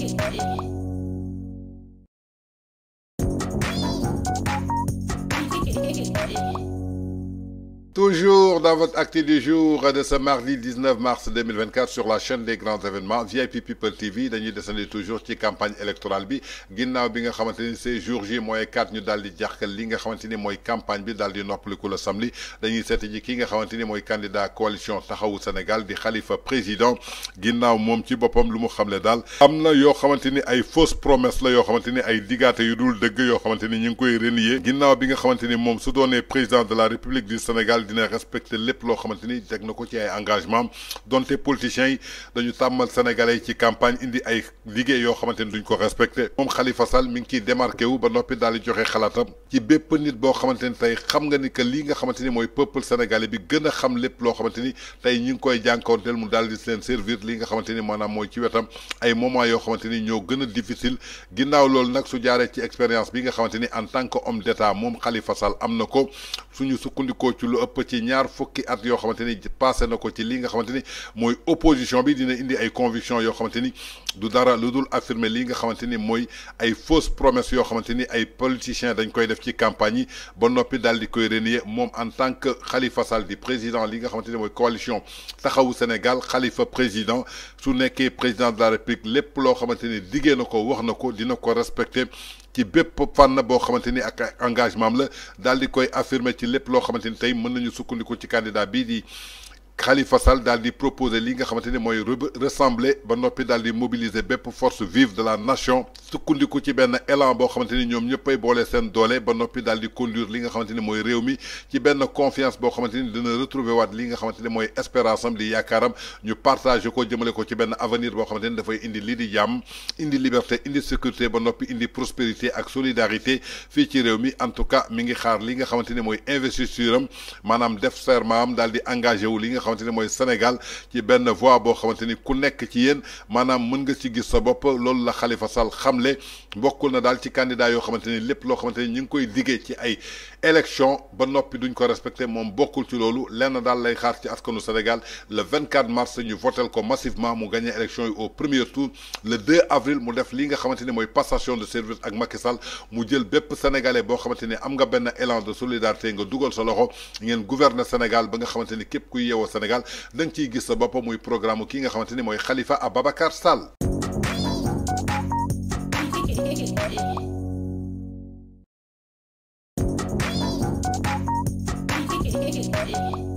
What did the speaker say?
Thank you. Toujours dans votre acte du jour de ce mardi 19 mars 2024 sur la chaîne des grands événements VIP People TV dañuy desandi toujours ci campagne électorale bi ginnaw bi nga xamanteni ni c'est jour J 4 ñu dal di jàxkal li nga xamanteni moy campagne bi dal di noppaliku la samedi dañuy seeti ji ki nga xamanteni moy candidat coalition taxawu Sénégal di Khalifa président ginnaw mom ci boppam lu mu xamlé dal amna yo xamanteni ay fausse promesse la yo xamanteni ay digaate yu dul deug yo xamanteni ñing koy renier ginnaw bi nga xamanteni mom su doonee président de la République du Sénégal dina respecter lépp loo xamante ni teg na ko ci ay engagement donte politiciens yi dañu tàmmal sénégalais ci campagne indi ay liggéey yoo xamante ni duñ ko respecté moom Khalifa Sall mi ngi ciy démarqué wu ba noppi daal di joxe xalaatam ci bépp nit boo xamante ni tey xam nga ni que lii nga xamante ni mooy peuple sénégalais bi gën a xam lépp loo xamante ni tey ñi ngi koy jànkoonteel mu daal di leen servir li nga xamante ni maanaam mooy ci wetam ay moment yoo xamante ni ñoo gën a difficile ginnaaw loolu nag su jaaree ci expérience bi nga xamante ni en tant que homme d'état moom Khalifa Sall am na ko suñu sukkandikoo ci lu ëpp Petit ci ñaar fukki at yo xamanteni ni passé nako ci li nga xamanteni moy opposition bi dina indi ay conviction yo xamanteni du dara ludul affirmer li nga xamanteni moy ay fausses promesses yo xamanteni ay politiciens dañ koy def ci campagne ba nopi dal di koy renier mom en tant que Khalifa Sall di président li nga xamanteni moy coalition taxawu Sénégal Khalifa président su nekké président de la République lépp lo xamanteni ni nako wax nako dina ko respecter ci bépp fànn boo xamante ni ak engagement la daal di koy affirmer ci lépp loo xamante ni tey mën nañu sukkandiku ci candidat bii di. Khalifa Sall dal di proposer li nga xamanteni moy ressembler ba nopi dal di mobiliser bépp force vive de la nation sukkandiku ci ben élan boo xamante ni ñoom ñëppay sen seen doole ba nopi dal di conduire li nga xamanteni moy mooy réew mi ci ben confiance bo xamanteni dina retrouver wat li nga xamanteni moy espérance am di yakaram ñu partager ko jëmale ko ci ben avenir bo xamanteni da fay indi li di jam indi liberté indi sécurité ba nopi indi prospérité ak solidarité fi ci réew mi en tout cas mi ngi xaar li nga xamanteni moy mooy manam def serment am di engagé wu li nga xamanteni moy mooy Sénégal ci benn voix bo xamanteni ni ku nek ci yeen manam mën nga ci gis sa bop loolu la Khalifa Sall xamle bokul na dal ci candidat yo xamanteni lepp lo xamanteni ñing koy diggé ci ay élection ba nopi duñ ko respecté mom bokul ci loolu lenn dal lay xaar ci askanu Sénégal le 24 mars ñu votel ko massivement mu gagné élection au premier tour le 2 avril mu def li nga xamanteni moy passation de service ak Macky Sall mu jël bép sénégalais bo xamanteni am nga ben élan de solidarité nga duggal sa loxo ngeen gouverner Sénégal ba nga xamanteni képp kuy Sénégal dañ nga ciy gis sa bopp muy programme ki nga xamanteni moy Khalifa Ababakar Sall. Thank you.